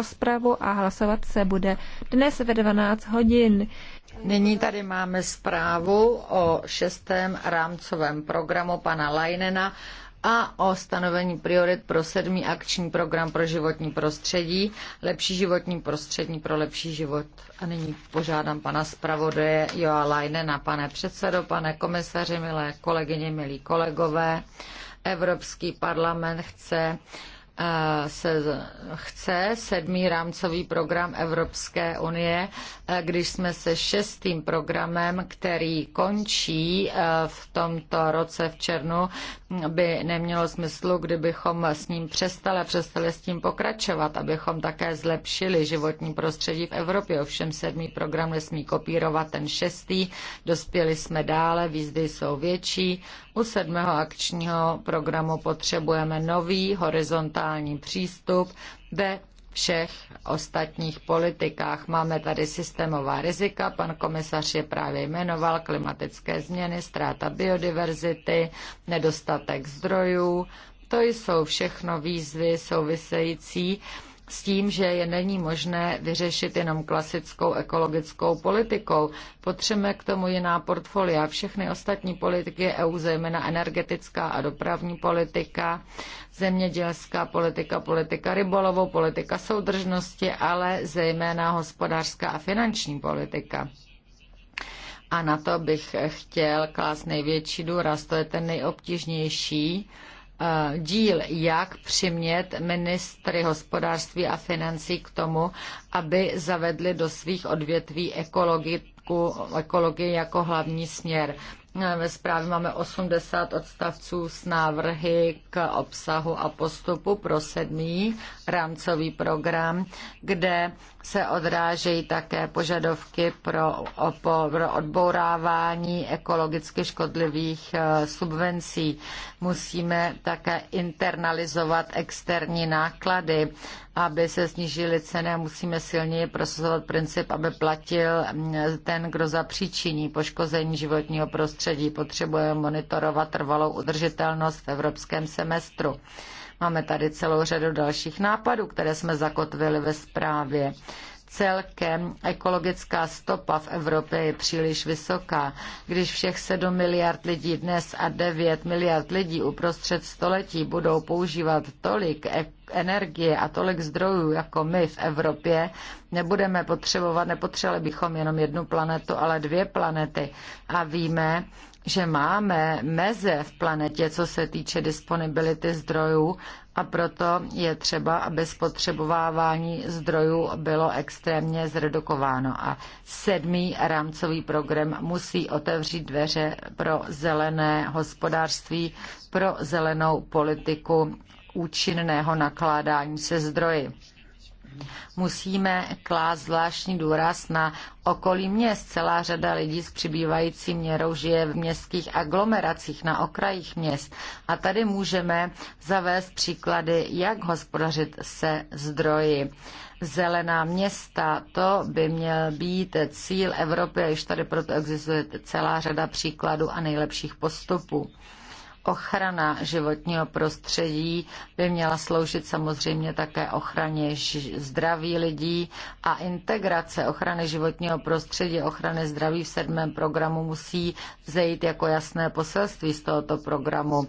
rozpravu a hlasovat se bude dnes ve 12 hodin. Nyní tady máme zprávu o šestém rámcovém programu pana Lajnena a o stanovení priorit pro sedmý akční program pro životní prostředí, lepší životní prostředí pro lepší život. A nyní požádám pana zpravodaje Joa Lajnena, pane předsedo, pane komisaři, milé kolegyně, milí kolegové. Evropský parlament chce se chce sedmý rámcový program Evropské unie, e, když jsme se šestým programem, který končí e, v tomto roce v černu, by nemělo smyslu, kdybychom s ním přestali, přestali s tím pokračovat, abychom také zlepšili životní prostředí v Evropě. Ovšem sedmý program nesmí kopírovat ten šestý. Dospěli jsme dále, výzdy jsou větší. U sedmého akčního programu potřebujeme nový horizontální horizontální přístup ve všech ostatních politikách. Máme tady systémová rizika, pan komisař je právě jmenoval, klimatické změny, ztráta biodiverzity, nedostatek zdrojů. To jsou všechno výzvy související s tím, že je není možné vyřešit jenom klasickou ekologickou politikou. Potřebujeme k tomu jiná portfolia. Všechny ostatní politiky EU, zejména energetická a dopravní politika, zemědělská politika, politika rybolovou, politika soudržnosti, ale zejména hospodářská a finanční politika. A na to bych chtěl klást největší důraz. To je ten nejobtížnější Eh, díl, jak přimět ministry hospodářství a financí k tomu, aby zavedli do svých odvětví ekologii, ekologii jako hlavní směr. Eh, ve zprávě máme 80 odstavců s návrhy k obsahu a postupu pro sedmý rámcový program, kde se odrážejí také požadovky pro, pro odbourávání ekologicky škodlivých eh, subvencí. Musíme také internalizovat externí náklady, aby se snížily ceny a musíme silněji prosazovat princip, aby platil mm, ten, kdo zapříčiní poškození životního prostředí. Potřebujeme monitorovat trvalou udržitelnost v evropském semestru Máme tady celou řadu dalších nápadů, které jsme zakotvili ve zprávě. Celkem ekologická stopa v Evropě je příliš vysoká. Když všech 7 miliard lidí dnes a 9 miliard lidí uprostřed století budou používat tolik e- energie a tolik zdrojů jako my v Evropě, nebudeme potřebovat, nepotřebovali bychom jenom jednu planetu, ale dvě planety. A víme, že máme meze v planetě, co se týče disponibility zdrojů a proto je třeba, aby spotřebovávání zdrojů bylo extrémně zredukováno. A sedmý rámcový program musí otevřít dveře pro zelené hospodářství, pro zelenou politiku účinného nakládání se zdroji. Musíme klást zvláštní důraz na okolí měst. Celá řada lidí s přibývající měrou žije v městských aglomeracích na okrajích měst. A tady můžeme zavést příklady, jak hospodařit se zdroji zelená města, to by měl být cíl Evropy, a již tady proto existuje celá řada příkladů a nejlepších postupů. Ochrana životního prostředí by měla sloužit samozřejmě také ochraně zdraví lidí a integrace ochrany životního prostředí, ochrany zdraví v sedmém programu musí vzejít jako jasné poselství z tohoto programu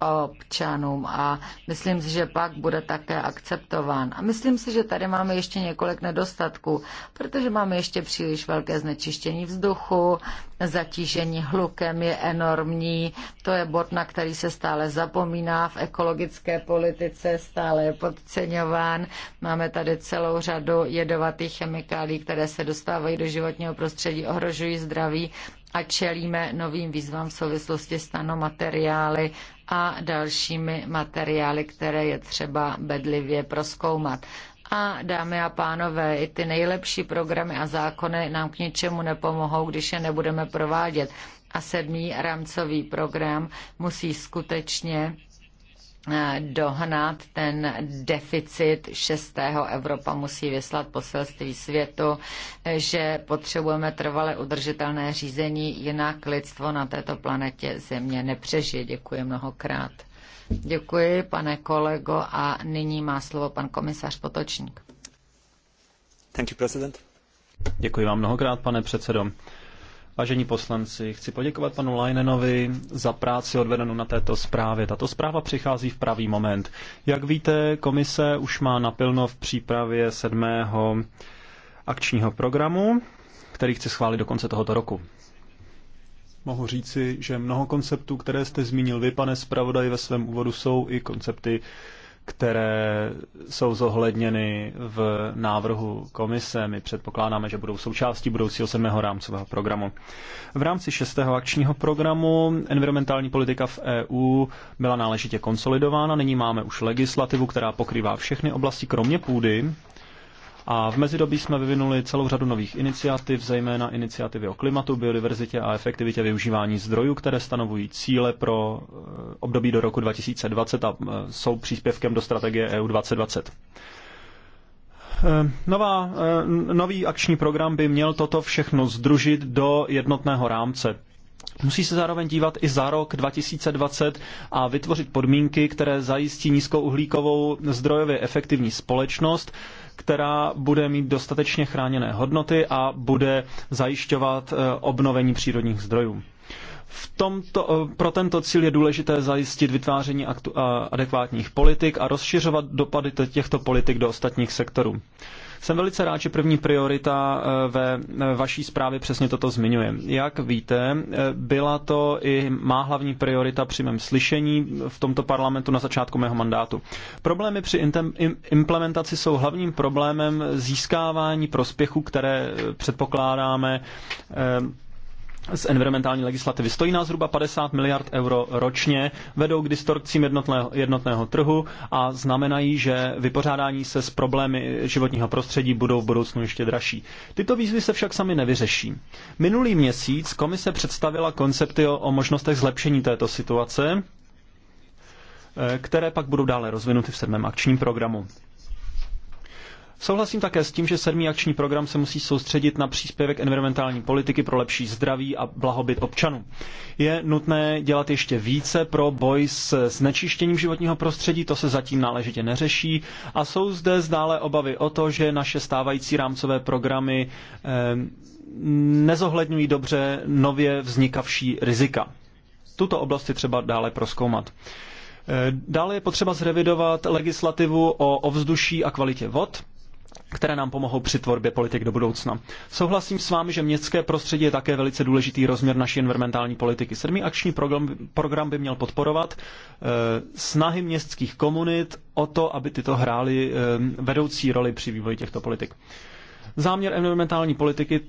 občanům a myslím si, že pak bude také akceptován. A myslím si, že tady máme ještě několik nedostatků, protože máme ještě příliš velké znečištění vzduchu, zatížení hlukem je enormní, to je bod, na který se stále zapomíná v ekologické politice, stále je podceňován. Máme tady celou řadu jedovatých chemikálí, které se dostávají do životního prostředí, ohrožují zdraví a čelíme novým výzvám v souvislosti s nanomateriály a dalšími materiály, které je třeba bedlivě proskoumat. A dámy a pánové, i ty nejlepší programy a zákony nám k ničemu nepomohou, když je nebudeme provádět. A sedmý rámcový program musí skutečně dohnat ten deficit šestého. Evropa musí vyslat poselství světu, že potřebujeme trvale udržitelné řízení, jinak lidstvo na této planetě Země nepřežije. Děkuji mnohokrát. Děkuji, pane kolego, a nyní má slovo pan komisař Potočník. Thank you, president. Děkuji vám mnohokrát, pane předsedo. Vážení poslanci, chci poděkovat panu Leinenovi za práci odvedenou na této zprávě. Tato zpráva přichází v pravý moment. Jak víte, komise už má napilno v přípravě sedmého akčního programu, který chce schválit do konce tohoto roku. Mohu říci, že mnoho konceptů, které jste zmínil vy, pane zpravodaj, ve svém úvodu jsou i koncepty, které jsou zohledněny v návrhu komise. My předpokládáme, že budou součástí budoucího sedmého rámcového programu. V rámci šestého akčního programu environmentální politika v EU byla náležitě konsolidována. Nyní máme už legislativu, která pokrývá všechny oblasti, kromě půdy, a v mezidobí jsme vyvinuli celou řadu nových iniciativ, zejména iniciativy o klimatu, biodiverzitě a efektivitě využívání zdrojů, které stanovují cíle pro eh, období do roku 2020 a eh, jsou příspěvkem do strategie EU 2020. Eh, nová, nový akční program by měl toto všechno združit do jednotného rámce. Musí se zároveň dívat i za rok 2020 a vytvořit podmínky, které zajistí nízkouhlíkovou zdrojově efektivní společnost, která bude mít dostatečně chráněné hodnoty a bude zajišťovat eh, obnovení přírodních zdrojů. V tomto, eh, pro tento cíl je důležité zajistit vytváření aktu, a, eh, adekvátních politik a rozšiřovat dopady těchto politik do ostatních sektorů. Jsem velice rád, že první priorita eh, ve eh, vaší zprávě přesně toto zmiňuje. Jak víte, eh, byla to i má hlavní priorita při mém slyšení v tomto parlamentu na začátku mého mandátu. Problémy při implementaci jsou hlavním problémem získávání prospěchu, které předpokládáme z environmentální legislativy. Stojí nás zhruba 50 miliard euro ročně, vedou k distorkcím jednotného, jednotného trhu a znamenají, že vypořádání se s problémy životního prostředí budou v budoucnu ještě dražší. Tyto výzvy se však sami nevyřeší. Minulý měsíc komise představila koncepty o, o možnostech zlepšení této situace, eh, které pak budou dále rozvinuty v sedmém akčním programu. Souhlasím také s tím, že sedmý akční program se musí soustředit na příspěvek environmentální politiky pro lepší zdraví a blahobyt občanů. Je nutné dělat ještě více pro boj s znečištěním životního prostředí, to se zatím náležitě neřeší a jsou zde zdále obavy o to, že naše stávající rámcové programy eh, nezohledňují dobře nově vznikavší rizika. Tuto oblast je třeba dále proskoumat. Eh, dále je potřeba zrevidovat legislativu o ovzduší a kvalitě vod které nám pomohou při tvorbě politik do budoucna. Souhlasím s vámi, že městské prostředí je také velice důležitý rozměr naší environmentální politiky. Sedmý akční program, program by měl podporovat eh, snahy městských komunit o to, aby tyto hrály eh, vedoucí roli při vývoji těchto politik. Záměr environmentální politiky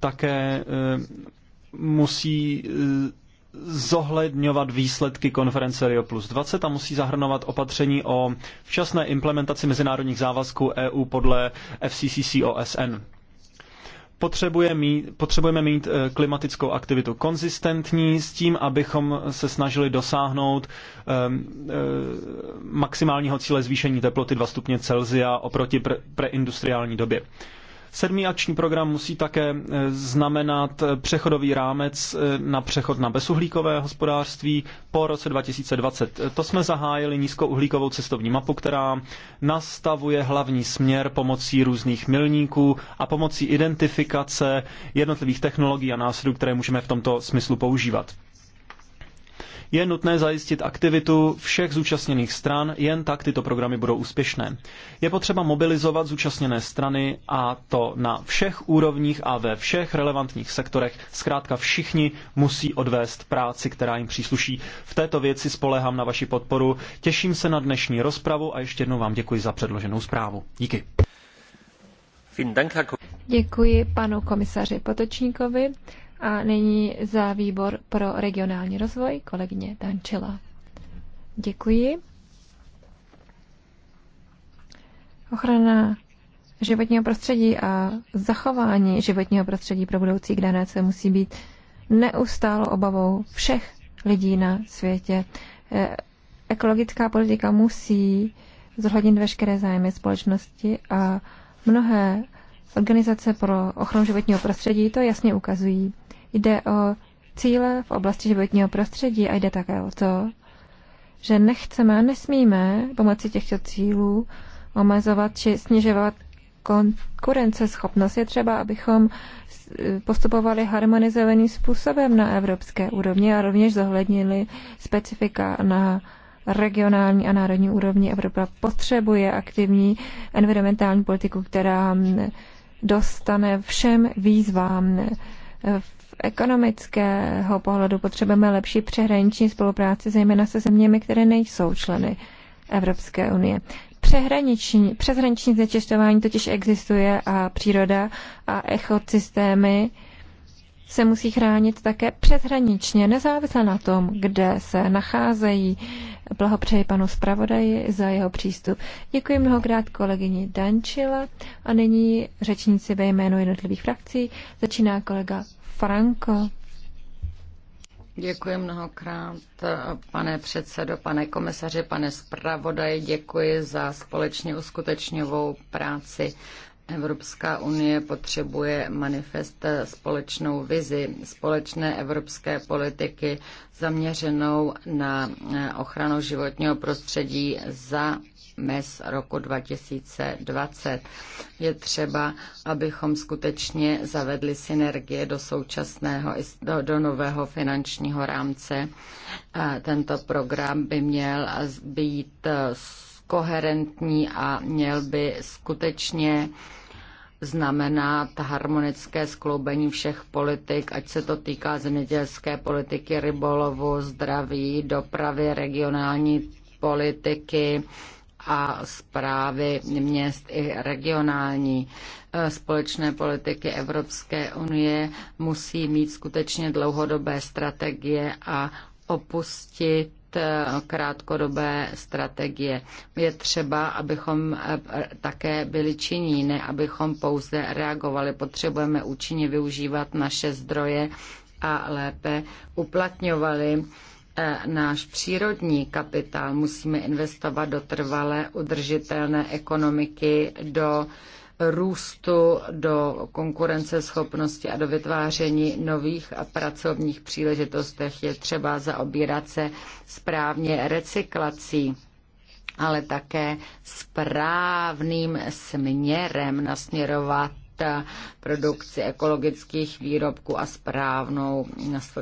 také eh, musí eh, zohledňovat výsledky konference Rio plus 20 a musí zahrnovat opatření o včasné implementaci mezinárodních závazků EU podle FCCC OSN. Potřebuje mít, potřebujeme mít eh, klimatickou aktivitu konzistentní s tím, abychom se snažili dosáhnout um, um, maximálního cíle zvýšení teploty 2 stupně Celsia oproti pre, preindustriální době. Sedmý akční program musí také eh, znamenat eh, přechodový rámec eh, na přechod na bezuhlíkové hospodářství po roce 2020. To jsme zahájili nízkouhlíkovou cestovní mapu, která nastavuje hlavní směr pomocí různých milníků a pomocí identifikace jednotlivých technologií a nástrojů, které můžeme v tomto smyslu používat. Je nutné zajistit aktivitu všech zúčastněných stran, jen tak tyto programy budou úspěšné. Je potřeba mobilizovat zúčastněné strany a to na všech úrovních a ve všech relevantních sektorech. Zkrátka všichni musí odvést práci, která jim přísluší. V této věci spolehám na vaši podporu. Těším se na dnešní rozpravu a ještě jednou vám děkuji za předloženou zprávu. Díky. Děkuji panu komisaři Potočníkovi. A nyní za výbor pro regionální rozvoj kolegyně Dančila. Děkuji. Ochrana životního prostředí a zachování životního prostředí pro budoucí generace musí být neustálo obavou všech lidí na světě. E, ekologická politika musí zohlednit veškeré zájmy společnosti a mnohé organizace pro ochranu životního prostředí to jasně ukazují. Jde o cíle v oblasti životního prostředí a jde také o to, že nechceme a nesmíme pomocí těchto cílů omezovat či snižovat konkurenceschopnost. Je třeba, abychom postupovali harmonizovaným způsobem na evropské úrovni a rovněž zohlednili specifika na regionální a národní úrovni. Evropa potřebuje aktivní environmentální politiku, která dostane všem výzvám ekonomického pohledu potřebujeme lepší přehraniční spolupráci, zejména se zeměmi, které nejsou členy Evropské unie. Přehraniční, přeshraniční znečišťování totiž existuje a příroda a ekosystémy se musí chránit také přeshraničně, nezávisle na tom, kde se nacházejí. Blahopřeji panu zpravodaji za jeho přístup. Děkuji mnohokrát kolegyni Dančila a nyní řečníci ve jménu jednotlivých frakcí. Začíná kolega Franco. Děkuji mnohokrát, pane předsedo, pane komisaři, pane zpravodaji, děkuji za společně uskutečňovou práci. Evropská unie potřebuje manifest společnou vizi, společné evropské politiky zaměřenou na ochranu životního prostředí za mes roku 2020. Je třeba, abychom skutečně zavedli synergie do současného, do, do nového finančního rámce. Tento program by měl být eh, koherentní a měl by skutečně znamená ta harmonické skloubení všech politik, ať se to týká zemědělské politiky, rybolovu, zdraví, dopravy, regionální politiky a zprávy měst i regionální e, společné politiky Evropské unie musí mít skutečně dlouhodobé strategie a opustit Eh, krátkodobé strategie. Je třeba, abychom eh, také byli činní, ne abychom pouze reagovali. Potřebujeme účinně využívat naše zdroje a lépe uplatňovali eh, náš přírodní kapitál. Musíme investovat do trvalé udržitelné ekonomiky, do růstu, do konkurenceschopnosti a do vytváření nových pracovních příležitostech je třeba zaobírat se správně recyklací ale také správným směrem nasměrovat produkci ekologických výrobků a správnou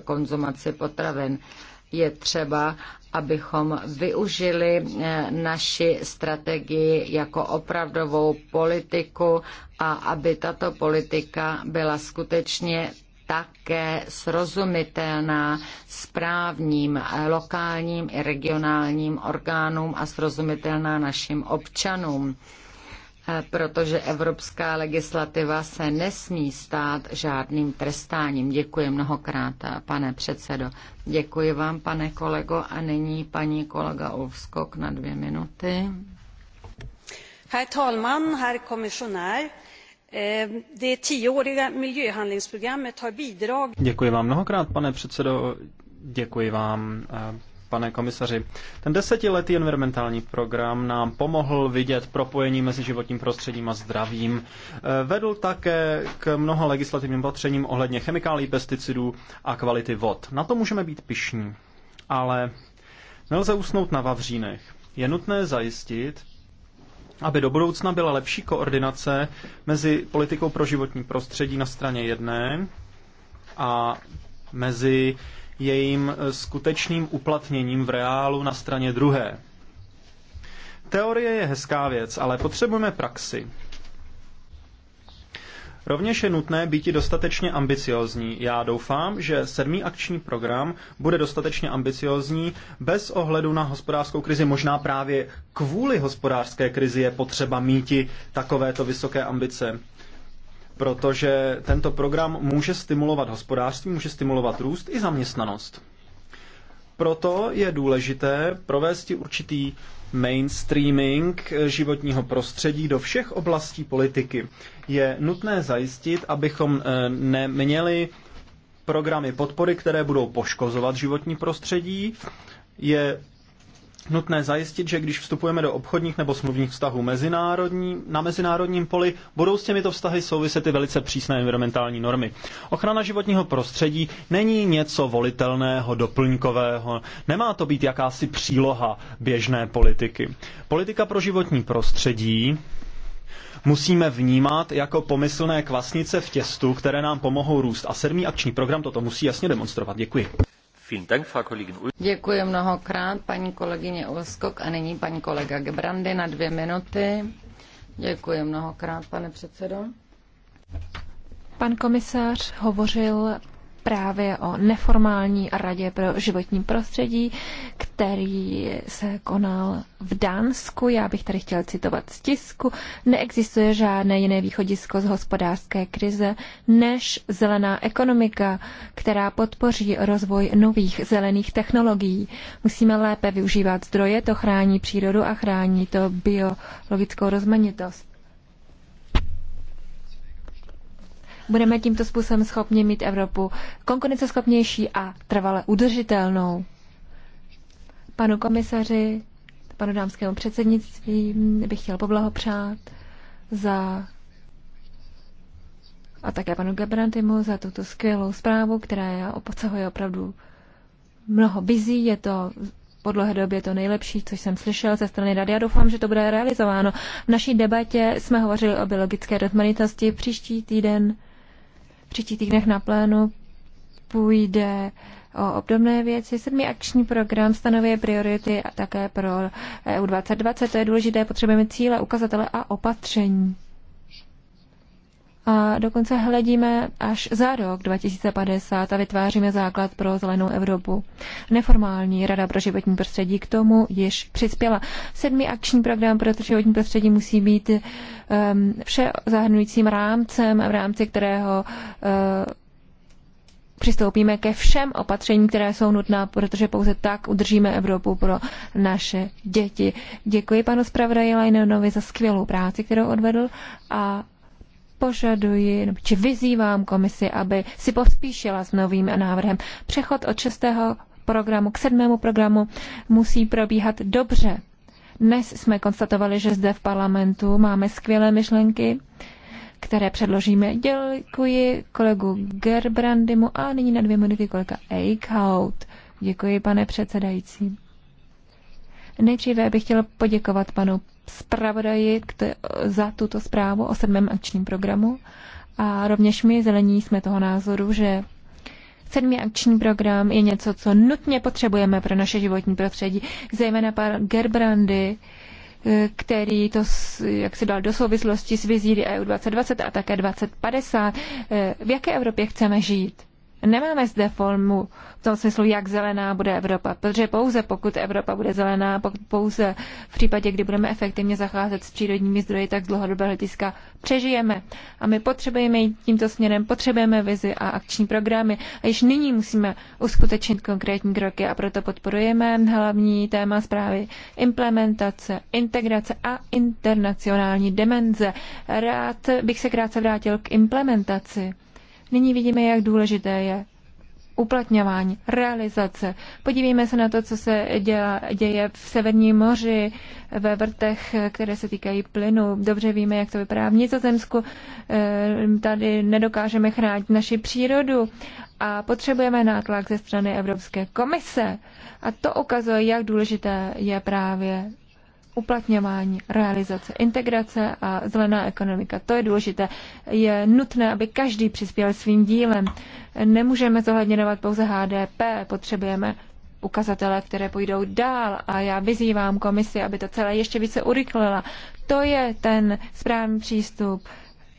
konzumaci potravin je třeba, abychom využili eh, naši strategii jako opravdovou politiku a aby tato politika byla skutečně také srozumitelná správním eh, lokálním i regionálním orgánům a srozumitelná našim občanům protože evropská legislativa se nesmí stát žádným trestáním. Děkuji mnohokrát, pane předsedo. Děkuji vám, pane kolego, a nyní paní kolega Ovskok na dvě minuty. Herr talman, herr Kommissionär, eh, Det tioåriga miljöhandlingsprogrammet har bidrag... Děkuji vám mnohokrát, pane předsedo. Děkuji vám, eh, pane komisaři. Ten desetiletý environmentální program nám pomohl vidět propojení mezi životním prostředím a zdravím. E, vedl také k mnoha legislativním opatřením ohledně chemikálí, pesticidů a kvality vod. Na to můžeme být pišní, ale nelze usnout na vavřínech. Je nutné zajistit, aby do budoucna byla lepší koordinace mezi politikou pro životní prostředí na straně jedné a mezi jejím eh, skutečným uplatněním v reálu na straně druhé. Teorie je hezká věc, ale potřebujeme praxi. Rovněž je nutné být dostatečně ambiciozní. Já doufám, že sedmý akční program bude dostatečně ambiciozní bez ohledu na hospodářskou krizi. Možná právě kvůli hospodářské krizi je potřeba míti takovéto vysoké ambice protože tento program může stimulovat hospodářství, může stimulovat růst i zaměstnanost. Proto je důležité provést určitý mainstreaming životního prostředí do všech oblastí politiky. Je nutné zajistit, abychom eh, neměli programy podpory, které budou poškozovat životní prostředí. Je nutné zajistit, že když vstupujeme do obchodních nebo smluvních vztahů mezinárodní, na mezinárodním poli, budou s těmito vztahy souviset i velice přísné environmentální normy. Ochrana životního prostředí není něco volitelného, doplňkového, nemá to být jakási příloha běžné politiky. Politika pro životní prostředí musíme vnímat jako pomyslné kvasnice v těstu, které nám pomohou růst. A sedmý akční program toto musí jasně demonstrovat. Děkuji. Děkuji mnohokrát paní kolegyně Ulskok a nyní paní kolega Gebrandy na dvě minuty. Děkuji mnohokrát, pane předsedo. Pan komisař hovořil právě o neformální radě pro životní prostředí, který se konal v Dánsku. Já bych tady chtěl citovat z tisku. Neexistuje žádné jiné východisko z hospodářské krize než zelená ekonomika, která podpoří rozvoj nových zelených technologií. Musíme lépe využívat zdroje, to chrání přírodu a chrání to biologickou rozmanitost. budeme tímto způsobem schopni mít Evropu konkurenceschopnější a trvale udržitelnou. Panu komisaři, panu dámskému předsednictví bych chtěl poblahopřát za a také panu Gebrantimu za tuto skvělou zprávu, která je obsahuje opravdu mnoho vizí. Je to po dlouhé době to nejlepší, co jsem slyšel ze strany rady Já doufám, že to bude realizováno. V naší debatě jsme hovořili o biologické rozmanitosti. Příští týden příští týdnech na plénu půjde o obdobné věci. Sedmý akční program stanovuje priority a také pro EU 2020. To je důležité, potřebujeme cíle, ukazatele a opatření a dokonce hledíme až za rok 2050 a vytváříme základ pro zelenou Evropu. Neformální Rada pro životní prostředí k tomu již přispěla. Sedmý akční program pro životní prostředí musí být um, vše zahrnujícím rámcem, v rámci kterého uh, přistoupíme ke všem opatřením, které jsou nutná, protože pouze tak udržíme Evropu pro naše děti. Děkuji panu zpravodaji Lajnenovi za skvělou práci, kterou odvedl a požaduji, či vyzývám komisi, aby si pospíšila s novým návrhem. Přechod od 6. programu k 7. programu musí probíhat dobře. Dnes jsme konstatovali, že zde v parlamentu máme skvělé myšlenky, které předložíme. Děkuji kolegu Gerbrandimu a nyní na dvě minuty kolega Eichhout. Děkuji, pane předsedající. Nejdříve bych chtěl poděkovat panu zpravodaji za tuto zprávu o sedmém akčním programu. A rovněž my zelení jsme toho názoru, že Sedmý akční program je něco, co nutně potřebujeme pro naše životní prostředí, zejména pan Gerbrandy, eh, který to, jak si dal do souvislosti s vizí EU 2020 a také 2050, eh, v jaké Evropě chceme žít. Nemáme zde formu v tom smyslu, jak zelená bude Evropa, protože pouze pokud Evropa bude zelená, pokud pouze v případě, kdy budeme efektivně zacházet s přírodními zdroji, tak z dlouhodobého hlediska přežijeme. A my potřebujeme jít tímto směrem, potřebujeme vizi a akční programy. A již nyní musíme uskutečnit konkrétní kroky a proto podporujeme hlavní téma zprávy implementace, integrace a internacionální dimenze. Rád bych se krátce vrátil k implementaci. Nyní vidíme, jak důležité je uplatňování, realizace. Podívejme se na to, co se děla, děje v Severním moři, ve vrtech, které se týkají plynu. Dobře víme, jak to vypadá v Nizozemsku. Ehm, tady nedokážeme chránit naši přírodu a potřebujeme nátlak ze strany Evropské komise. A to ukazuje, jak důležité je právě uplatňování, realizace, integrace a zelená ekonomika. To je důležité. Je nutné, aby každý přispěl svým dílem. Nemůžeme zohledněnovat pouze HDP, potřebujeme ukazatele, které půjdou dál a já vyzývám komisi, aby to celé ještě více urychlila. To je ten správný přístup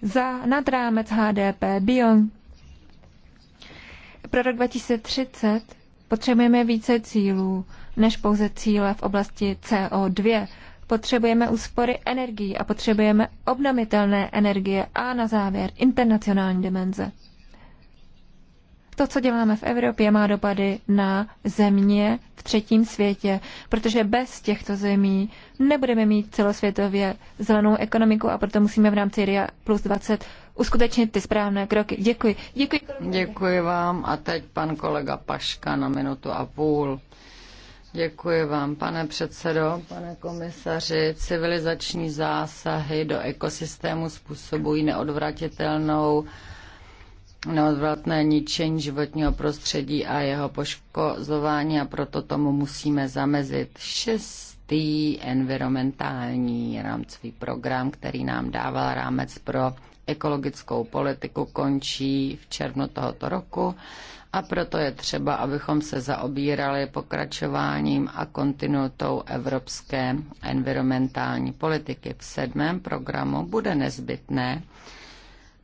za nad rámec HDP Bion. Pro rok 2030 potřebujeme více cílů než pouze cíle v oblasti CO2 potřebujeme úspory energií a potřebujeme obnovitelné energie a na závěr internacionální dimenze. To, co děláme v Evropě, má dopady na země v třetím světě, protože bez těchto zemí nebudeme mít celosvětově zelenou ekonomiku a proto musíme v rámci RIA plus 20 uskutečnit ty správné kroky. Děkuji. Děkuji. Děkuji vám a teď pan kolega Paška na minutu a půl. Děkuji vám, pane předsedo, pane komisaři. Civilizační zásahy do ekosystému způsobují neodvratitelnou neodvratné ničení životního prostředí a jeho poškozování a proto tomu musíme zamezit. Šestý environmentální rámcový program, který nám dával rámec pro ekologickou politiku, končí v červnu tohoto roku a proto je třeba, abychom se zaobírali pokračováním a kontinuitou evropské environmentální politiky. V sedmém programu bude nezbytné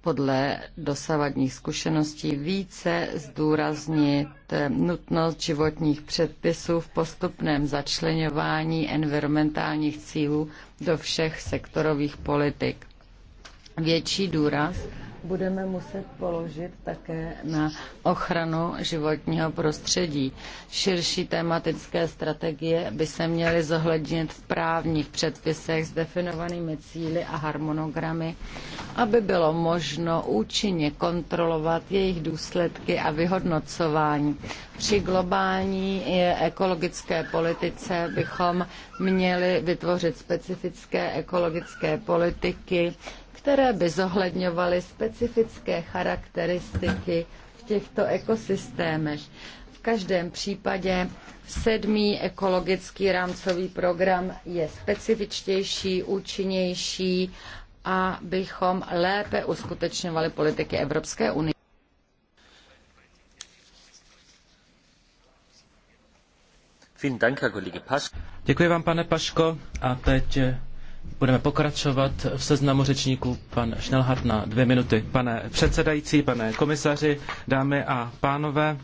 podle dosavadních zkušeností více zdůraznit nutnost životních předpisů v postupném začlenování environmentálních cílů do všech sektorových politik. Větší důraz budeme muset položit také na ochranu životního prostředí. Širší tematické strategie by se měly zohlednit v právních předpisech s definovanými cíly a harmonogramy, aby bylo možno účinně kontrolovat jejich důsledky a vyhodnocování. Při globální ekologické politice bychom měli vytvořit specifické ekologické politiky, které by zohledňovaly specifické charakteristiky v těchto ekosystémech. V každém případě sedmý ekologický rámcový program je specifičtější, účinnější, abychom lépe uskutečňovali politiky Evropské unie. Děkuji vám, pane Paško. A teď eh, Budeme pokračovat v seznamu řečníků. Pan na dvě minuty. Pane předsedající, pane komisaři, dámy a pánové,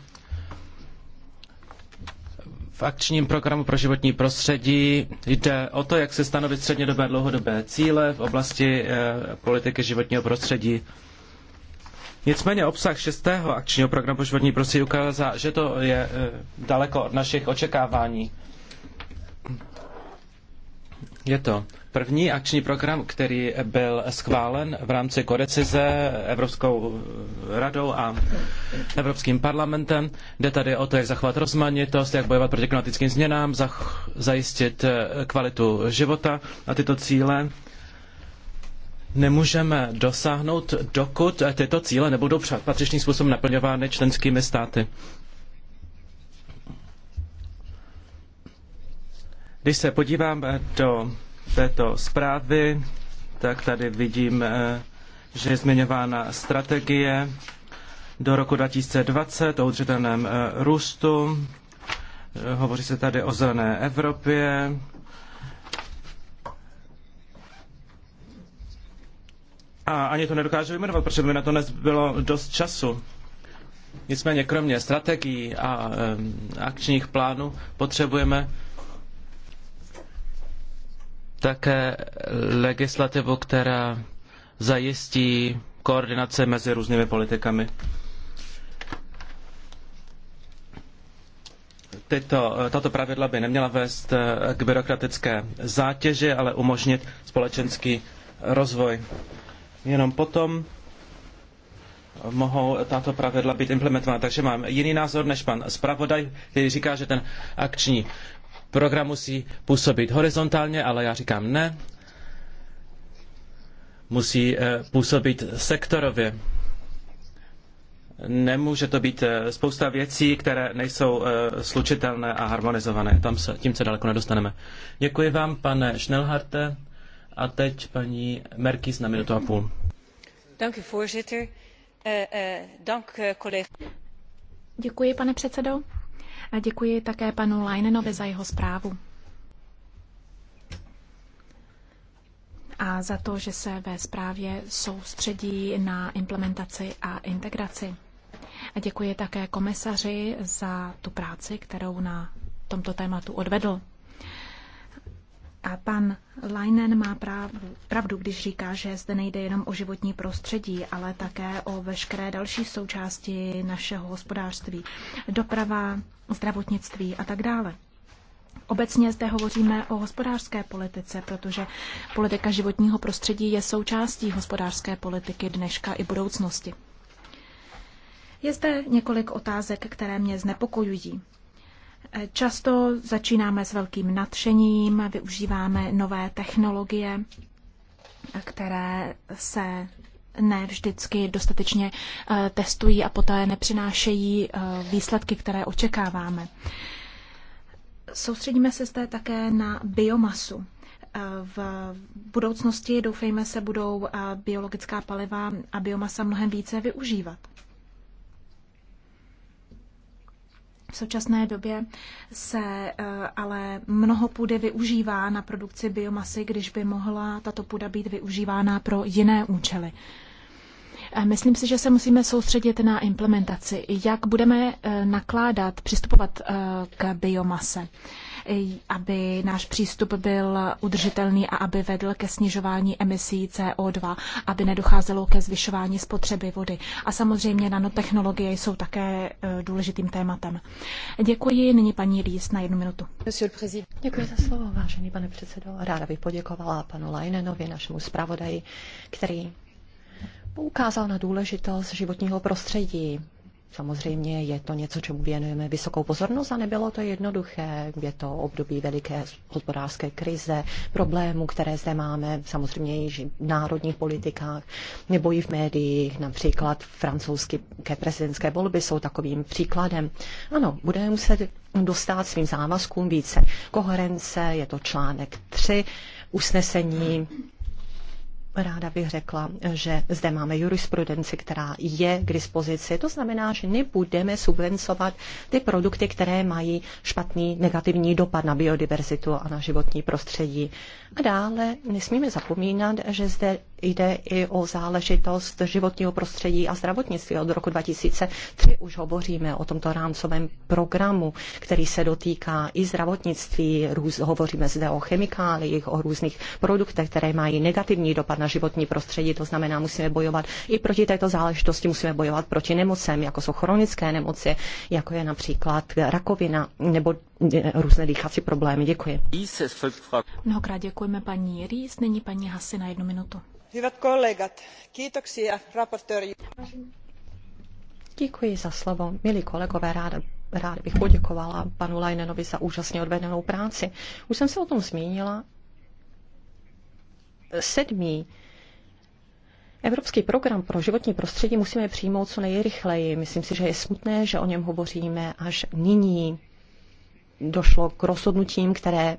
v akčním programu pro životní prostředí jde o to, jak se stanovit střednědobé a dlouhodobé cíle v oblasti eh, politiky životního prostředí. Nicméně obsah šestého akčního programu pro životní prostředí ukázal, že to je eh, daleko od našich očekávání. Je to První akční program, který byl schválen v rámci kodecize Evropskou radou a Evropským parlamentem, jde tady o to, jak zachovat rozmanitost, jak bojovat proti klimatickým změnám, zajistit eh, kvalitu života a tyto cíle nemůžeme dosáhnout, dokud tyto cíle nebudou patřičným způsobem naplňovány členskými státy. Když se podívám do této zprávy, tak tady vidím, eh, že je zmiňována strategie do roku 2020 o udržitelném eh, růstu. Eh, hovoří se tady o zelené Evropě. A ani to nedokážu vyjmenovat, protože by na to nezbylo dost času. Nicméně kromě strategií a akčních plánů potřebujeme také legislativu, která zajistí koordinaci mezi různými politikami. Tyto, tato pravidla by neměla vést eh, k byrokratické zátěži, ale umožnit společenský rozvoj. Jenom potom mohou tato pravidla být implementována. Takže mám jiný názor než pan zpravodaj, který říká, že ten akční program musí působit horizontálně, ale já říkám ne. Musí eh, působit sektorově. Nemůže to být eh, spousta věcí, které nejsou eh, slučitelné a harmonizované. Tam se, tím se daleko nedostaneme. Děkuji vám, pane Schnellharte. A teď paní Merkis na minutu a půl. Děkuji, pane předsedo. A děkuji také panu Leinenovi za jeho zprávu. A za to, že se ve zprávě soustředí na implementaci a integraci. A děkuji také komisaři za tu práci, kterou na tomto tématu odvedl. A pan Leinen má pravdu, když říká, že zde nejde jenom o životní prostředí, ale také o veškeré další součásti našeho hospodářství. Doprava, zdravotnictví a tak dále. Obecně zde hovoříme o hospodářské politice, protože politika životního prostředí je součástí hospodářské politiky dneška i budoucnosti. Je zde několik otázek, které mě znepokojují. Často začínáme s velkým nadšením, využíváme nové technologie, které se ne vždycky dostatečně eh, testují a poté nepřinášejí eh, výsledky, které očekáváme. Soustředíme se zde také na biomasu. Eh, v budoucnosti, doufejme se, budou biologická paliva a biomasa mnohem více využívat. V současné době se eh, ale mnoho půdy využívá na produkci biomasy, když by mohla tato půda být využívána pro jiné účely. Eh, myslím si, že se musíme soustředit na implementaci. Jak budeme eh, nakládat, přistupovat k biomase? aby náš přístup byl udržitelný a aby vedl ke snižování emisí CO2, aby nedocházelo ke zvyšování spotřeby vody. A samozřejmě nanotechnologie jsou také e, důležitým tématem. Děkuji. Nyní paní Rýs na jednu minutu. Děkuji za slovo, vážený pane předsedo. Ráda bych poděkovala panu Lajnenovi, našemu zpravodaji, který poukázal na důležitost životního prostředí Samozřejmě je to něco, čemu věnujeme vysokou pozornost a nebylo to jednoduché. Je to období veliké hospodářské krize, problémů, které zde máme, samozřejmě i v národních politikách nebo i v médiích. Například francouzské prezidentské volby jsou takovým příkladem. Ano, budeme muset dostat svým závazkům více koherence, je to článek 3 usnesení Ráda bych řekla, že zde máme jurisprudenci, která je k dispozici. To znamená, že nebudeme subvencovat ty produkty, které mají špatný negativní dopad na biodiverzitu a na životní prostředí. A dále nesmíme zapomínat, že zde jde i o záležitost životního prostředí a zdravotnictví. Od roku 2003 už hovoříme o tomto rámcovém programu, který se dotýká i zdravotnictví. Růz, hovoříme zde o chemikáliích, o různých produktech, které mají negativní dopad na životní prostředí. To znamená, musíme bojovat i proti této záležitosti, musíme bojovat proti nemocem, jako jsou chronické nemoci, jako je například rakovina nebo e, různé dýchací problémy. Děkuji. Mnohokrát děkujeme paní Rýs, nyní paní Hasi na jednu minutu za slovo. Milí kolegové, ráda rád bych poděkovala panu Lajnenovi za úžasně odvedenou práci. Už jsem se o tom zmínila. Sedmý Evropský program pro životní prostředí musíme přijmout co nejrychleji. Myslím si, že je smutné, že o něm hovoříme až nyní. Došlo k rozhodnutím, které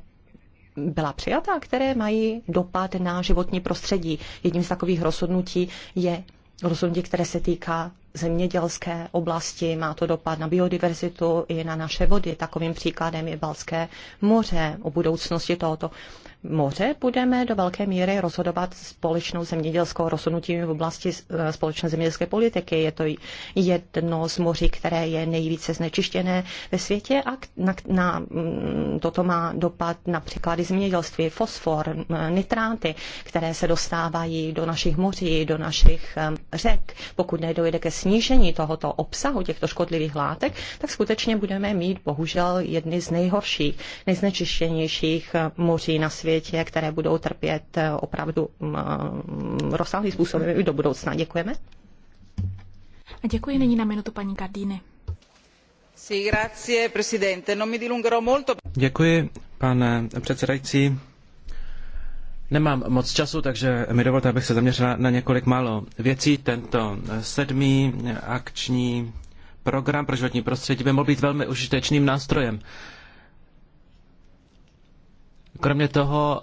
byla přijata, které mají dopad na životní prostředí. Jedním z takových rozhodnutí je rozhodnutí, které se týká zemědělské oblasti, má to dopad na biodiverzitu i na naše vody. Takovým příkladem je Balské moře. O budoucnosti tohoto moře budeme do velké míry rozhodovat společnou zemědělskou rozhodnutím v oblasti eh, společné zemědělské politiky. Je to jedno z moří, které je nejvíce znečištěné ve světě a na, na, mm, toto má dopad na příklady zemědělství, fosfor, nitráty, které se dostávají do našich moří, do našich eh, řek, pokud nedojde ke snížení tohoto obsahu těchto škodlivých látek, tak skutečně budeme mít bohužel jedny z nejhorších, nejznečištěnějších moří na světě, které budou trpět eh, opravdu mm, mm, rozsáhlým způsobem i do budoucna. Děkujeme. A děkuji nyní na minutu paní Gardíny. Děkuji, pane předsedající. Nemám moc času, takže mi dovolte, abych se zaměřila na několik málo věcí. Tento eh, sedmý eh, akční program pro životní prostředí by mohl být velmi užitečným nástrojem. Kromě toho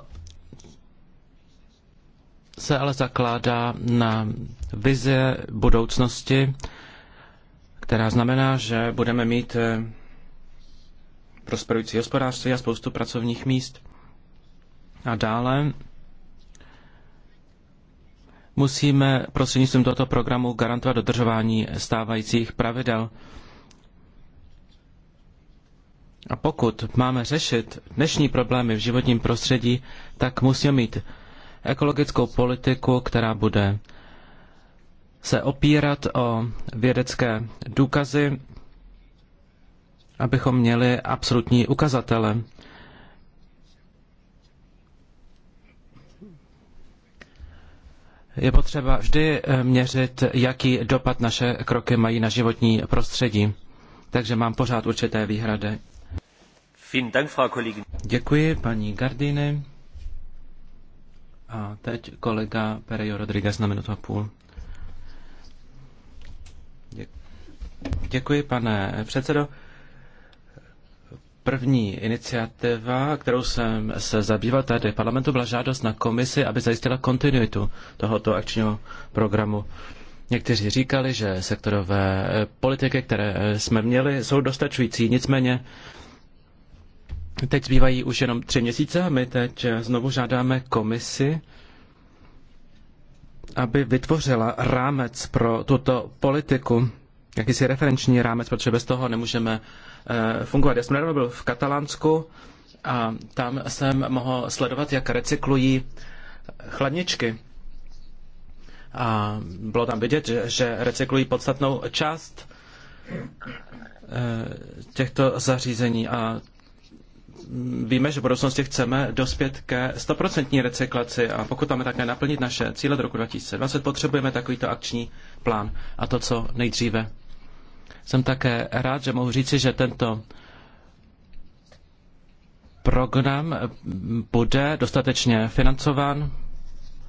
se ale zakládá na vize budoucnosti, která znamená, že budeme mít eh, prosperující hospodářství a spoustu pracovních míst. A dále musíme prostřednictvím tohoto programu garantovat dodržování stávajících pravidel. A pokud máme řešit dnešní problémy v životním prostředí, tak musíme mít ekologickou politiku, která bude se opírat o vědecké důkazy, abychom měli absolutní ukazatele. Je potřeba vždy eh, měřit, jaký dopad naše kroky mají na životní prostředí. Takže mám pořád určité výhrady. Děkuji paní Gardiny. A teď kolega Perejo Rodriguez na minutu a půl. Děkuji, pane předsedo. První iniciativa, kterou jsem se zabýval tady v parlamentu, byla žádost na komisi, aby zajistila kontinuitu tohoto akčního programu. Někteří říkali, že sektorové politiky, které jsme měli, jsou dostačující, nicméně teď zbývají už jenom tři měsíce a my teď znovu žádáme komisi, aby vytvořila rámec pro tuto politiku, jakýsi referenční rámec, protože bez toho nemůžeme Eh, fungovat. Já jsem nedávno byl v Katalánsku a tam jsem mohl sledovat, jak recyklují chladničky. A bylo tam vidět, že, že recyklují podstatnou část eh, těchto zařízení a víme, že v budoucnosti chceme dospět ke stoprocentní recyklaci a pokud máme také naplnit naše cíle do roku 2020, potřebujeme takovýto akční plán a to, co nejdříve. Jsem také rád, že mohu říci, že tento program bude dostatečně financován.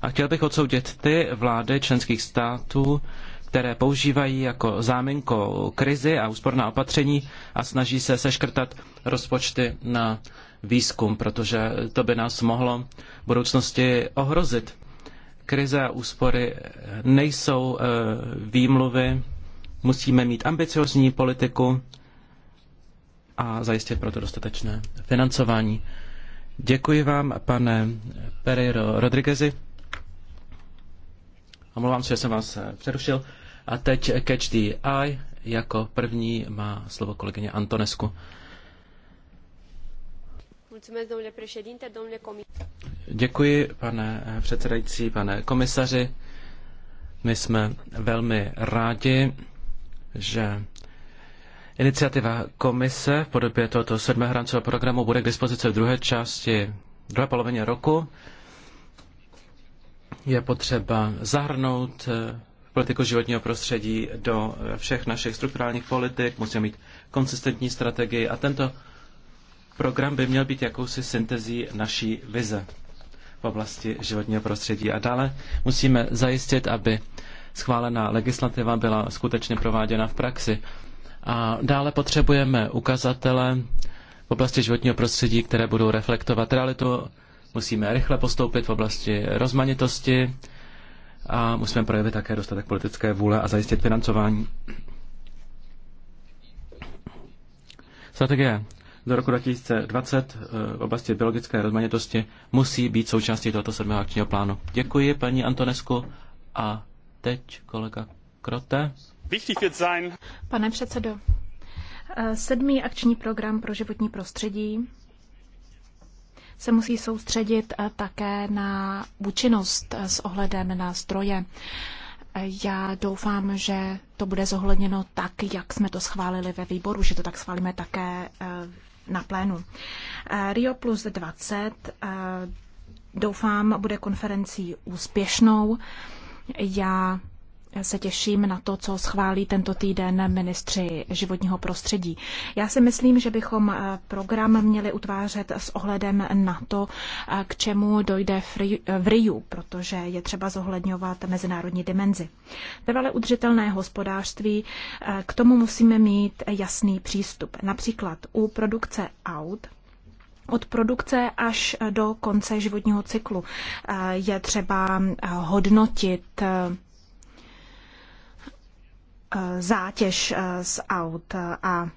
A chtěl bych odsoudit ty vlády členských států, které používají jako záminko krizi a úsporná opatření a snaží se seškrtat rozpočty na výzkum, protože to by nás mohlo v budoucnosti ohrozit. Krize a úspory nejsou eh, výmluvy Musíme mít ambiciozní politiku a zajistit proto dostatečné financování. Děkuji vám, pane Pereiro Rodriguezi. Omlouvám se, že jsem vás eh, přerušil. A teď Catch the Eye. Jako první má slovo kolegyně Antonesku. Děkuji, pane eh, předsedající, pane komisaři. My jsme velmi rádi, že iniciativa komise v podobě tohoto sedmého rámcového programu bude k dispozici v druhé části, druhé polovině roku. Je potřeba zahrnout eh, politiku životního prostředí do eh, všech našich strukturálních politik, musíme mít konsistentní strategii a tento program by měl být jakousi syntezí naší vize v oblasti životního prostředí. A dále musíme zajistit, aby schválená legislativa byla skutečně prováděna v praxi. A dále potřebujeme ukazatele v oblasti životního prostředí, které budou reflektovat realitu. Musíme rychle postoupit v oblasti rozmanitosti a musíme projevit také dostatek politické vůle a zajistit financování. Strategie do roku 2020 eh, v oblasti biologické rozmanitosti musí být součástí tohoto sedmého akčního plánu. Děkuji paní Antonesku a teď kolega Krote. Pane předsedo, eh, sedmý akční program pro životní prostředí se musí soustředit eh, také na účinnost eh, s ohledem na stroje. Já doufám, že to bude zohledněno tak, jak jsme to schválili ve výboru, že to tak schválíme také na plénu. Rio plus 20 doufám bude konferencí úspěšnou. Já se těším na to, co schválí tento týden ministři životního prostředí. Já si myslím, že bychom eh, program měli utvářet s ohledem na to, eh, k čemu dojde v Riu, protože je třeba zohledňovat mezinárodní dimenzi. Trvale udržitelné hospodářství, eh, k tomu musíme mít jasný přístup. Například u produkce aut od produkce až do konce životního cyklu. Je třeba hodnotit eh, eh, zátěž eh, z aut a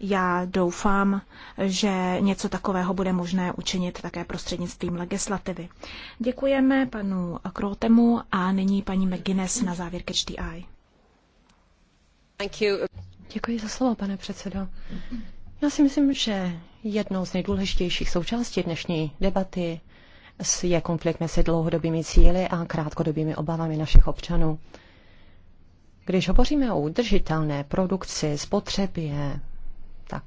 já doufám, že něco takového bude možné učinit také prostřednictvím legislativy. Děkujeme panu Krotemu a nyní paní McGuinness na závěr ke HDI. Děkuji za slovo, pane předsedo. Já si myslím, že Jednou z nejdůležitějších součástí dnešní debaty je konflikt mezi dlouhodobými cíly a krátkodobými obavami našich občanů. Když hovoříme o udržitelné produkci, spotřebě, tak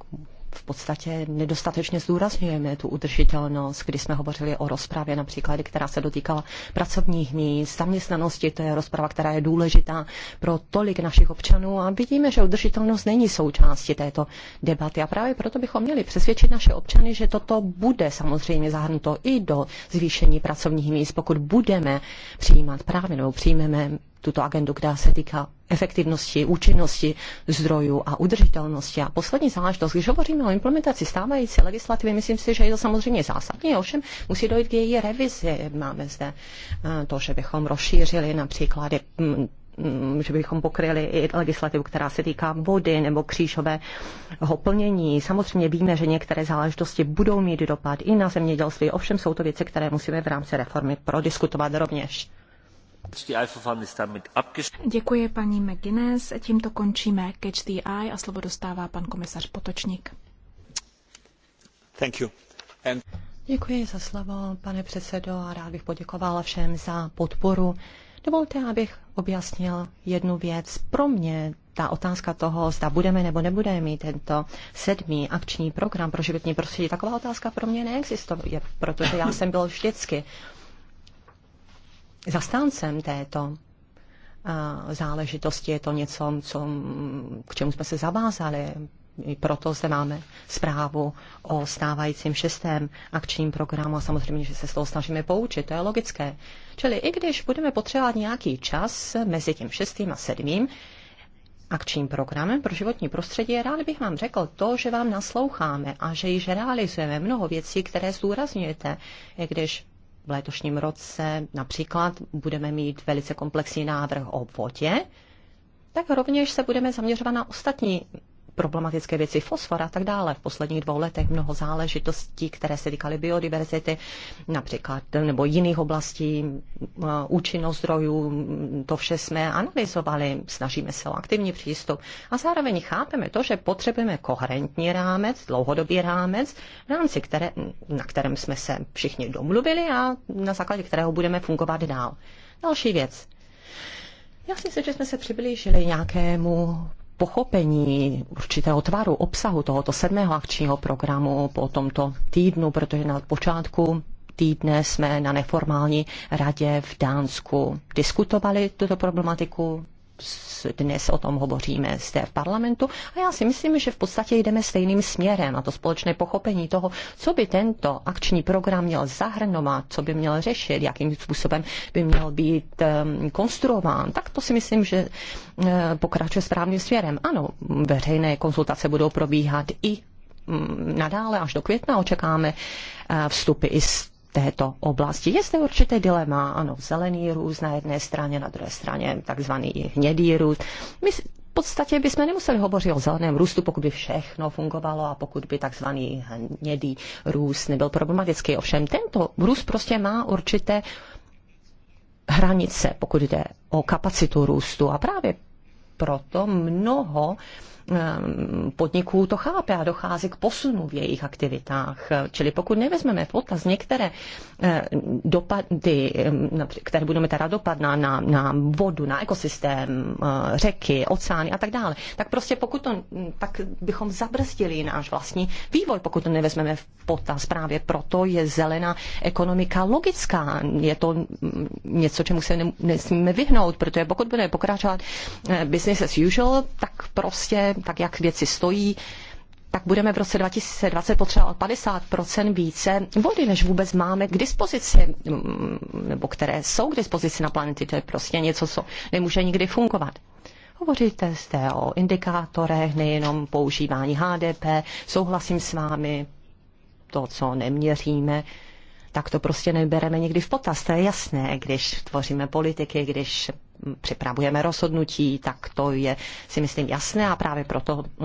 v podstatě nedostatečně zdůrazňujeme tu udržitelnost, když jsme hovořili o rozpravě například, která se dotýkala pracovních míst, zaměstnanosti, to je rozprava, která je důležitá pro tolik našich občanů a vidíme, že udržitelnost není součástí této debaty a právě proto bychom měli přesvědčit naše občany, že toto bude samozřejmě zahrnuto i do zvýšení pracovních míst, pokud budeme přijímat právě nebo přijmeme tuto agendu, která se týká efektivnosti, účinnosti zdrojů a udržitelnosti. A poslední záležitost, když hovoříme o implementaci stávající legislativy, myslím si, že je to samozřejmě zásadní, ovšem musí dojít k její revizi. Máme zde eh, to, že bychom rozšířili například mm, mm, že bychom pokryli i legislativu, která se týká vody nebo křížového plnění. Samozřejmě víme, že některé záležitosti budou mít dopad i na zemědělství, ovšem jsou to věci, které musíme v rámci reformy prodiskutovat rovněž. Děkuji paní McGuinness. Tímto končíme Catch the Eye a slovo dostává pan komisař Potočník. Thank you. And... Děkuji za slovo, pane předsedo, a rád bych poděkoval všem za podporu. Dovolte, abych objasnil jednu věc. Pro mě ta otázka toho, zda budeme nebo nebudeme mít tento sedmý akční program pro životní prostředí, taková otázka pro mě neexistuje, protože já jsem byl vždycky zastáncem této eh, záležitosti. Je to něco, co, k čemu jsme se zavázali. I proto zde máme zprávu o stávajícím šestém akčním programu a samozřejmě, že se z toho snažíme poučit, to je logické. Čili i když budeme potřebovat nějaký čas mezi tím šestým a sedmým, akčním programem pro životní prostředí, rád bych vám řekl to, že vám nasloucháme a že již realizujeme mnoho věcí, které zdůrazňujete, i když v letošním roce například budeme mít velice komplexní návrh o vodě, tak rovněž se budeme zaměřovat na ostatní problematické věci, fosfor a tak dále. V posledních dvou letech mnoho záležitostí, které se týkaly biodiverzity, například nebo jiných oblastí, eh, účinnost zdrojů, to vše jsme analyzovali, snažíme se o aktivní přístup a zároveň chápeme to, že potřebujeme koherentní rámec, dlouhodobý rámec, rámci, které, na kterém jsme se všichni domluvili a na základě kterého budeme fungovat dál. Další věc. Já si myslím, že jsme se přiblížili nějakému pochopení určitého tvaru, obsahu tohoto sedmého akčního programu po tomto týdnu, protože na počátku týdne jsme na neformální radě v Dánsku diskutovali tuto problematiku dnes o tom hovoříme zde v parlamentu a já si myslím, že v podstatě jdeme stejným směrem a to společné pochopení toho, co by tento akční program měl zahrnovat, co by měl řešit, jakým způsobem by měl být um, konstruován, tak to si myslím, že um, pokračuje správným směrem. Ano, veřejné konzultace budou probíhat i mm, nadále až do května očekáme eh, vstupy i z této oblasti. Je zde určité dilema, ano, zelený růst na jedné straně, na druhé straně takzvaný hnědý růst. My v podstatě bychom nemuseli hovořit o zeleném růstu, pokud by všechno fungovalo a pokud by takzvaný hnědý růst nebyl problematický. Ovšem tento růst prostě má určité hranice, pokud jde o kapacitu růstu a právě proto mnoho uh, Eh, podniků to chápe a dochází k posunu v jejich aktivitách. Čili pokud nevezmeme v potaz některé eh, dopady, eh, které budeme teda dopadná na, na vodu, na ekosystém, řeky, oceány a tak dále, tak prostě pokud to, hm, tak bychom zabrzdili náš vlastní vývoj, pokud to nevezmeme v potaz. Právě proto je zelená ekonomika logická. Je to hm, něco, čemu se nesmíme vyhnout, protože pokud budeme pokračovat business as usual, tak prostě tak jak věci stojí, tak budeme v roce 2020 potřebovat 50 více vody, než vůbec máme k dispozici, mm, nebo které jsou k dispozici na planety. To je prostě něco, co nemůže nikdy fungovat. Hovoříte zde o indikátorech, nejenom používání HDP, souhlasím s vámi, to, co neměříme, tak to prostě nebereme někdy v potaz. To je jasné, když tvoříme politiky, když připravujeme rozhodnutí, tak to je si myslím jasné a právě proto eh,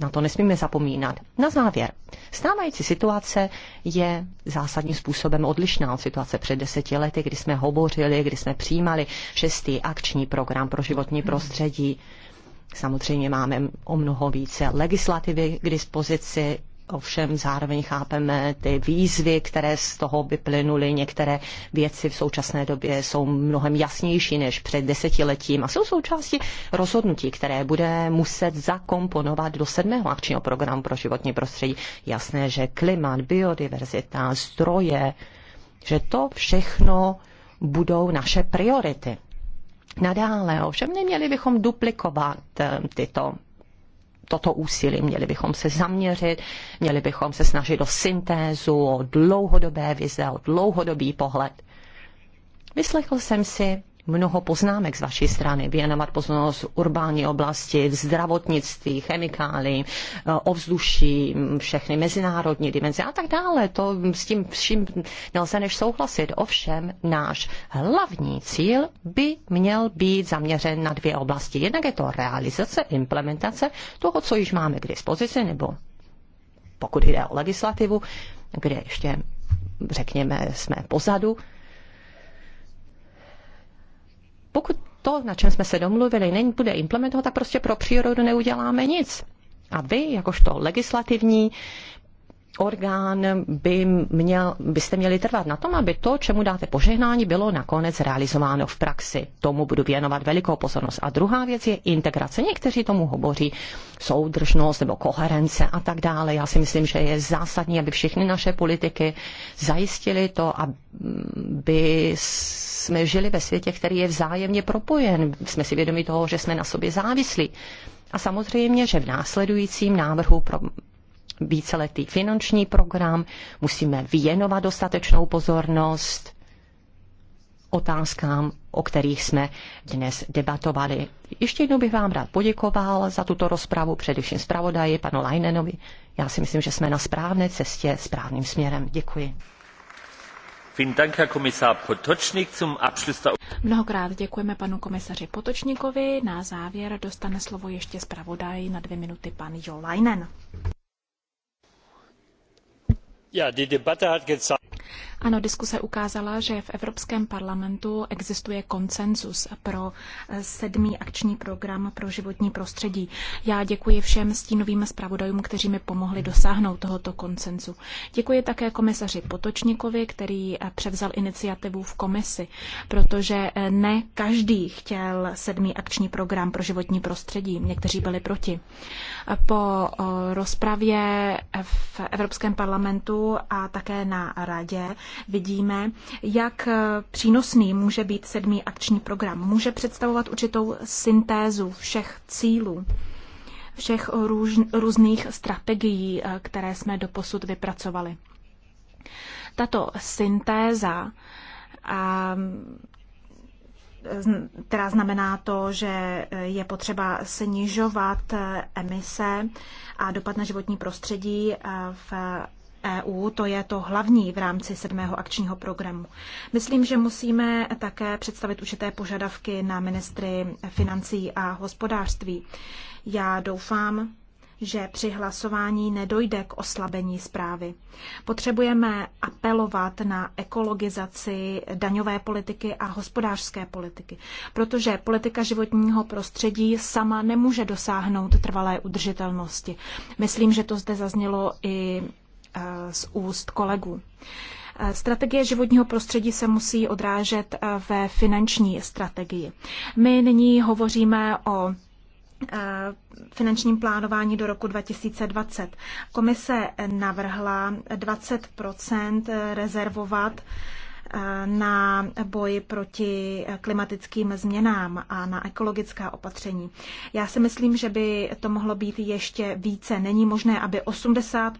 na to nesmíme zapomínat. Na závěr, stávající situace je zásadním způsobem odlišná od situace před deseti lety, kdy jsme hovořili, kdy jsme přijímali šestý akční program pro životní prostředí. Samozřejmě máme o mnoho více legislativy k dispozici, ovšem zároveň chápeme ty výzvy, které z toho vyplynuly. Některé věci v současné době jsou mnohem jasnější než před desetiletím a jsou součástí rozhodnutí, které bude muset zakomponovat do sedmého akčního programu pro životní prostředí. Jasné, že klimat, biodiverzita, zdroje, že to všechno budou naše priority. Nadále ovšem neměli bychom duplikovat eh, tyto toto úsilí. Měli bychom se zaměřit, měli bychom se snažit o syntézu, o dlouhodobé vize, o dlouhodobý pohled. Vyslechl jsem si mnoho poznámek z vaší strany, věnovat pozornost urbání oblasti, v zdravotnictví, chemikály, eh, ovzduší, všechny mezinárodní dimenze a tak dále. To s tím vším nelze než souhlasit. Ovšem, náš hlavní cíl by měl být zaměřen na dvě oblasti. Jednak je to realizace, implementace toho, co již máme k dispozici, nebo pokud jde o legislativu, kde ještě, řekněme, jsme pozadu, pokud to, na čem jsme se domluvili, není bude implementovat, tak prostě pro přírodu neuděláme nic. A vy, jakožto legislativní orgán by měl, byste měli trvat na tom, aby to, čemu dáte požehnání, bylo nakonec realizováno v praxi. Tomu budu věnovat velikou pozornost. A druhá věc je integrace. Někteří tomu hovoří soudržnost nebo koherence a tak dále. Já si myslím, že je zásadní, aby všechny naše politiky zajistili to, aby jsme žili ve světě, který je vzájemně propojen. Jsme si vědomi toho, že jsme na sobě závislí. A samozřejmě, že v následujícím návrhu pro víceletý finanční program, musíme věnovat dostatečnou pozornost otázkám, o kterých jsme dnes debatovali. Ještě jednou bych vám rád poděkoval za tuto rozpravu, především zpravodaji, panu Lajnenovi. Já si myslím, že jsme na správné cestě, správným směrem. Děkuji. Mnohokrát děkujeme panu komisaři Potočníkovi. Na závěr dostane slovo ještě zpravodaj na dvě minuty pan Jo Leinen die Debatte hat gezeigt. Ano, diskuse ukázala, že v Evropském parlamentu existuje konsenzus pro eh, sedmý akční program pro životní prostředí. Já děkuji všem stínovým zpravodajům, kteří mi pomohli dosáhnout tohoto konsenzu. Děkuji také komisaři Potočníkovi, který eh, převzal iniciativu v komisi, protože eh, ne každý chtěl sedmý akční program pro životní prostředí. Někteří byli proti. Po rozpravě v Evropském parlamentu a také na radě vidíme, jak eh, přínosný může být sedmý akční program. Může představovat určitou syntézu všech cílů, všech růž, různých strategií, eh, které jsme doposud vypracovali. Tato syntéza a která znamená to, že eh, je potřeba snižovat emise a dopad na životní prostředí v EU, to je to hlavní v rámci sedmého akčního programu. Myslím, že musíme také představit určité požadavky na ministry financí a hospodářství. Já doufám, že při hlasování nedojde k oslabení zprávy. Potřebujeme apelovat na ekologizaci daňové politiky a hospodářské politiky, protože politika životního prostředí sama nemůže dosáhnout trvalé udržitelnosti. Myslím, že to zde zaznělo i Eh, z úst kolegů. Eh, strategie životního prostředí se musí odrážet eh, ve finanční strategii. My nyní hovoříme o finančním plánování do roku 2020. Komise navrhla 20 rezervovat na boji proti klimatickým změnám a na ekologická opatření. Já si myslím, že by to mohlo být ještě více. Není možné, aby 80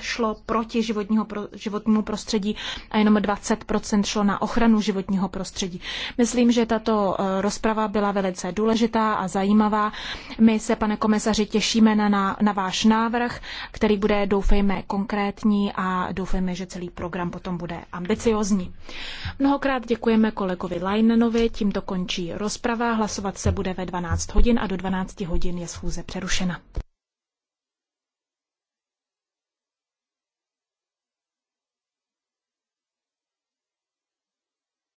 šlo proti životního, životnímu prostředí a jenom 20 šlo na ochranu životního prostředí. Myslím, že tato eh, rozprava byla velice důležitá a zajímavá. My se, pane komisaři, těšíme na, na, na váš návrh, který bude, doufejme, konkrétní a doufejme, že celý program potom bude ambiciozní. Mnohokrát děkujeme kolegovi Lajnenovi, tímto končí rozprava, hlasovat se bude ve 12 hodin a do 12 hodin je schůze přerušena.